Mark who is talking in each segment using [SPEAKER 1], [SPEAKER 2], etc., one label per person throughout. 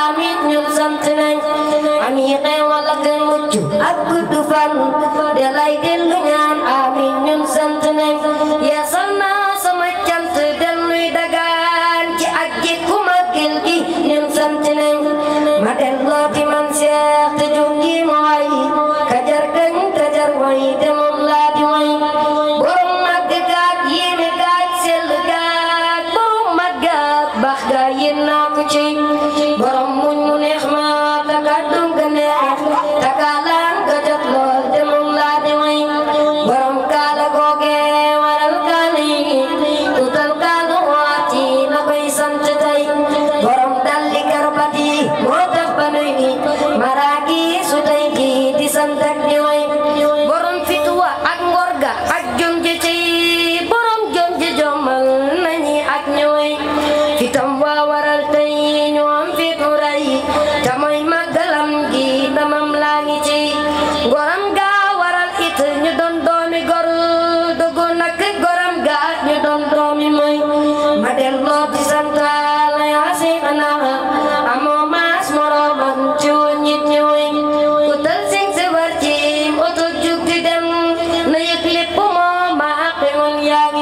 [SPEAKER 1] amit ñun sant nañ ami xewal ak mucc ak gudd fan de lay dellu ñaan amit ñun sant nañ yeesal naa sama cant delluy dagaan ci ak jikku maggil gi ñun sant nañ ma dellooti man seex te jóg gi ma way kajar kañ kajar di way borom mag gaag yéene gaag sell gaag borom mag gaag baax gaag yéen naa ci sant ak di ak ngorga ak jom borom jom jomal nañi ak ñu fitam waa waral tey ñu am fitu ray te mooy gi damam laa ngoram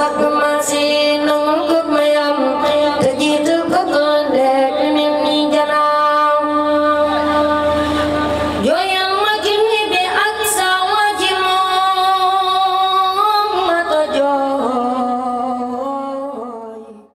[SPEAKER 1] product